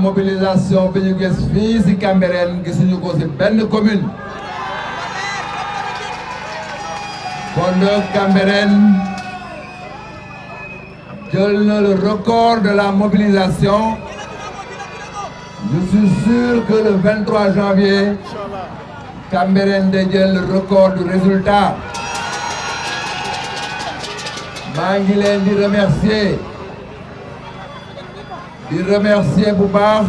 mobilisation bi fils qui fii qui gisuñu commune Bonne Cambérène le record de la mobilisation je suis sûr que le 23 janvier Cameroun da le record du résultat maa ngi remercier il remercie Bouba.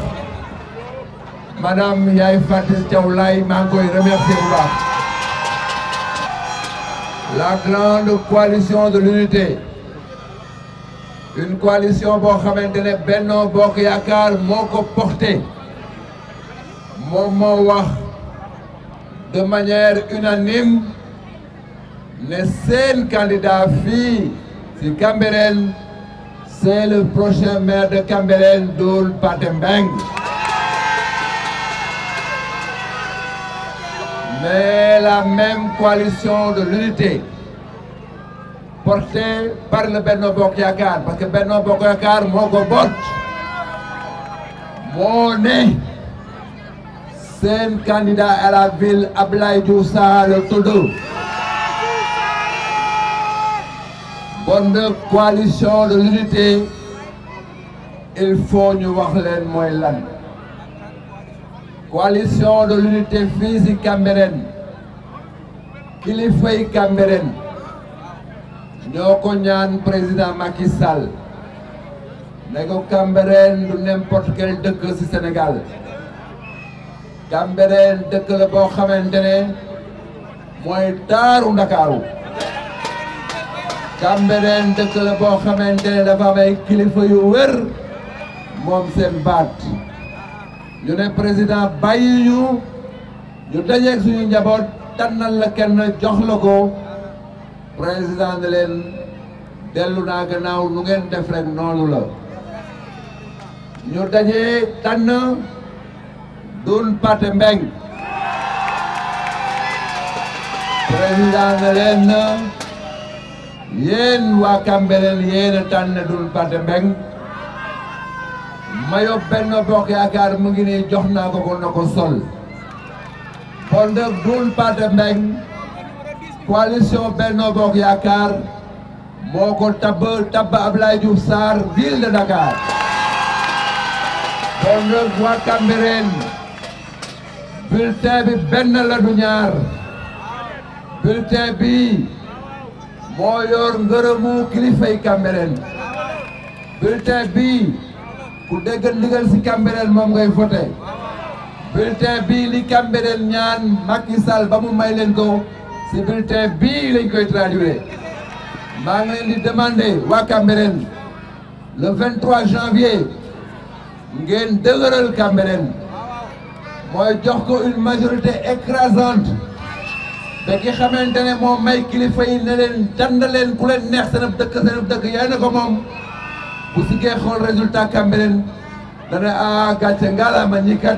madame Yaay Fatou il remercie maa la grande coalition de l'unité une coalition pour a Benno Bokk Yakar Moko mon porté de manière unanime les seuls candidats filles, c'est Cameroun c'est le prochain maire de Cambérène, Doul Patembeng. Mais la même coalition de l'unité portée par le Benno Bokyakar, parce que Benno Bokyakar, mon gobot, mon nez, c'est le candidat à la ville Ablaïdou Diouf le Toudou. bonne coalition de l'unité il faut nous voir leen moyens. coalition de l'unité physique physique si qu'il kilifay Cambérène Nous avons le président Macky Sall ne ko n'importe quel que du Sénégal le bon la de l'année, moins tard ou Cambérène dëkk la boo xamante ne dafa am ay kilifa yu wër moom seen baat ñu ne président bàyyi ñu ñu dajeeg suñu njaboot tànnal la kenn jox la ko leen dellu naa gannaaw nu ngeen def rek noonu la ñu dajee tànn Doun Pathé Mbeng président ne leen yéen waa Cambérène yéen a tànn Doudou Pathé Mbeng mayo Benno Yaakaar mu ngi jox naa ko ko na ko sol kon nag Doudou Pathé Mbeng coalition Benno Bokk Yaakaar moo ko tabb tabb Abdoulaye Diouf Sarr ville de Dakar kon nag waa Cambérène bulletin bi benn la ñaar bulletin bi moo yor ngërëmu kilifay Cambérène bulletin bii ku dégg ndigal ci Cambérène mom ngay voté bulletin bii li Cambérène ñaan Macky Sall ba mu may leen ko ci bulletin bii lañ koy traduire ma ngi leen di demander wa Cambérène le 23 janvier ngeen dëgëral Cambérène moy jox ko une majorité écrasante te ki xamante ne moo may kilifa yi ne leen tànn leen ku leen neex seen dëkk seen dëkk yaay na ko moom bu siggee xool résultat Cambérène dana a ah, gàcce ngalaama ñi kat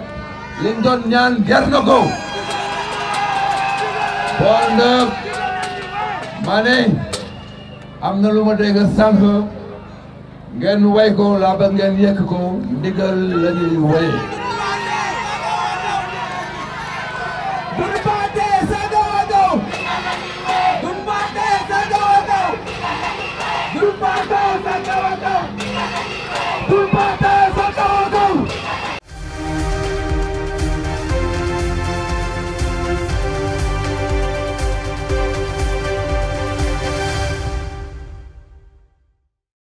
liñ doon ñaan jar na ko bon donc ma ne am na lu ma dégg sànq ngeen way ko laa ba ngeen yekk ko ndigal la waye Tupatão, Sacavadão! Tupatão!